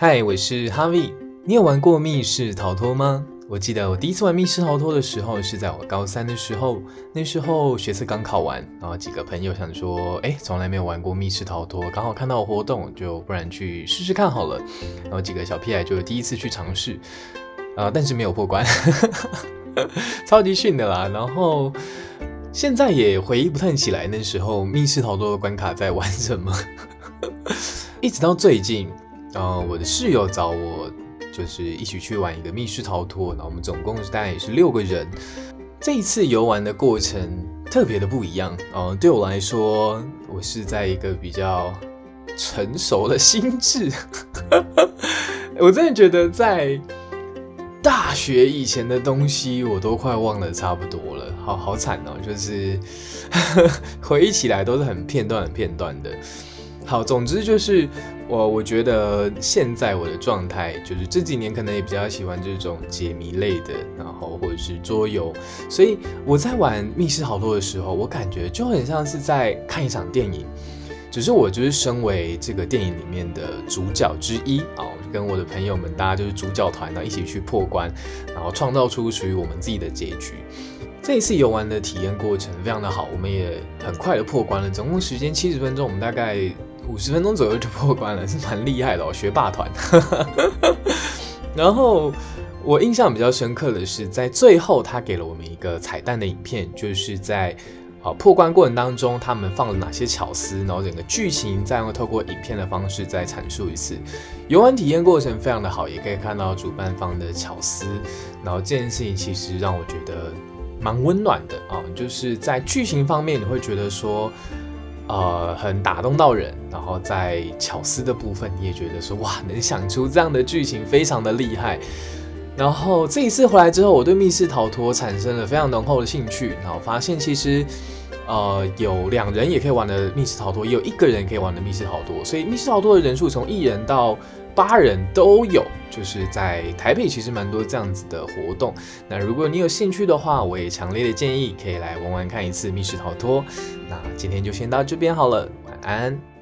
嗨，Hi, 我是 Harvie。你有玩過密室逃脫嗎？我記得我第一次玩密室逃脫的時候是在我高三的時候，那時候學測剛考完，然後幾個朋友想說，哎、欸，從來沒有玩過密室逃脫，剛好看到活動，就不然去試試看好了。然後幾個小屁孩就第一次去嘗試，啊、呃，但是沒有破關， 超級遜的啦。然後現在也回憶不太起來，那時候密室逃脫的關卡在玩什麼， 一直到最近。呃，我的室友找我，就是一起去玩一個密室逃脫。那我們總共大概也是六個人。這一次遊玩的過程特別的不一樣。嗯，呃，對我來說，我是在一個比較成熟的心智。 我真的覺得，在大學以前的東西，我都快忘得差不多了。好好慘哦，就是呵呵回憶起來都是很片段、很片段的。好，總之就是我，我覺得現在我的狀態就是這幾年可能也比較喜歡這種解謎類的，然後或者是桌遊，所以我在玩密室逃脫的時候，我感覺就很像是在看一場電影，只是我就是身為這個電影裡面的主角之一啊，就跟我的朋友們，大家就是主角團呢一起去破關，然後創造出屬於我們自己的結局。這一次遊玩的體驗過程非常的好，我們也很快的破關了，總共時間七十分鐘，我們大概。五十分鐘左右就破關了，是蠻厲害的哦，學霸團。 然後我印象比較深刻的是，在最後他給了我們一個彩蛋的影片，就是在啊破關過程當中，他們放了哪些巧思，然後整個劇情再用透過影片的方式再闡述一次。遊玩體驗過程非常的好，也可以看到主辦方的巧思。然後這件事情其實讓我覺得蠻溫暖的啊，就是在劇情方面你會覺得說。呃，很打動到人，然後在巧思的部分，你也覺得說，哇，能想出這樣的劇情，非常的厲害。然後這一次回來之後，我對密室逃脫產生了非常濃厚的興趣。然後發現其實，呃，有兩人也可以玩的密室逃脫，也有一個人可以玩的密室逃脫。所以密室逃脫的人數從一人到八人都有，就是在台北其實蠻多這樣子的活動。那如果你有興趣的話，我也強烈的建議可以來玩玩看一次密室逃脫。那今天就先到這邊好了，晚安。